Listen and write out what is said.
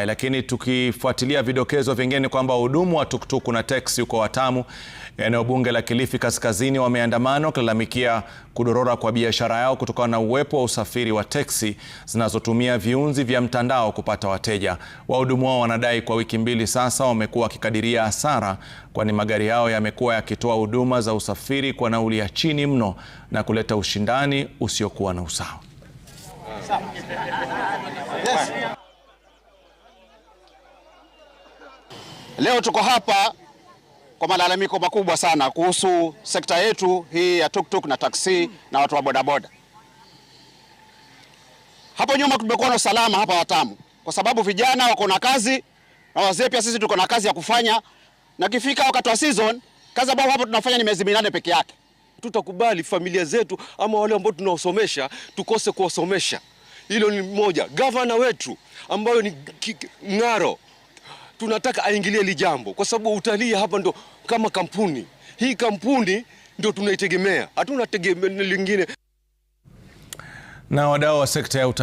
Eh, lakini tukifuatilia vidokezo vingine ni kwamba wahudumu wa tuktuk na teksi huko Watamu, eneo bunge la Kilifi Kaskazini, wameandamana wakilalamikia kudorora kwa biashara yao kutokana na uwepo wa usafiri wa teksi zinazotumia viunzi vya mtandao kupata wateja. Wahudumu hao wanadai kwa wiki mbili sasa wamekuwa wakikadiria hasara, kwani magari yao yamekuwa yakitoa huduma za usafiri kwa nauli ya chini mno na kuleta ushindani usiokuwa na usawa. Yes. Leo tuko hapa kwa malalamiko makubwa sana kuhusu sekta yetu hii ya tuktuk na taksi na watu wa bodaboda. Hapo nyuma tumekuwa na usalama hapa Watamu kwa sababu vijana wako na kazi na wazee pia, sisi tuko na kazi ya kufanya, na kifika wakati wa season, kazi ambayo hapo tunafanya ni miezi minane peke yake. Tutakubali familia zetu ama wale ambao tunawasomesha tukose kuwasomesha? Hilo ni moja. Gavana wetu ambayo ni Ng'aro tunataka aingilie hili jambo, kwa sababu utalii hapa ndo kama kampuni hii, kampuni ndo tunaitegemea, hatuna tegemeo lingine. Na wadau wa sekta ya utalii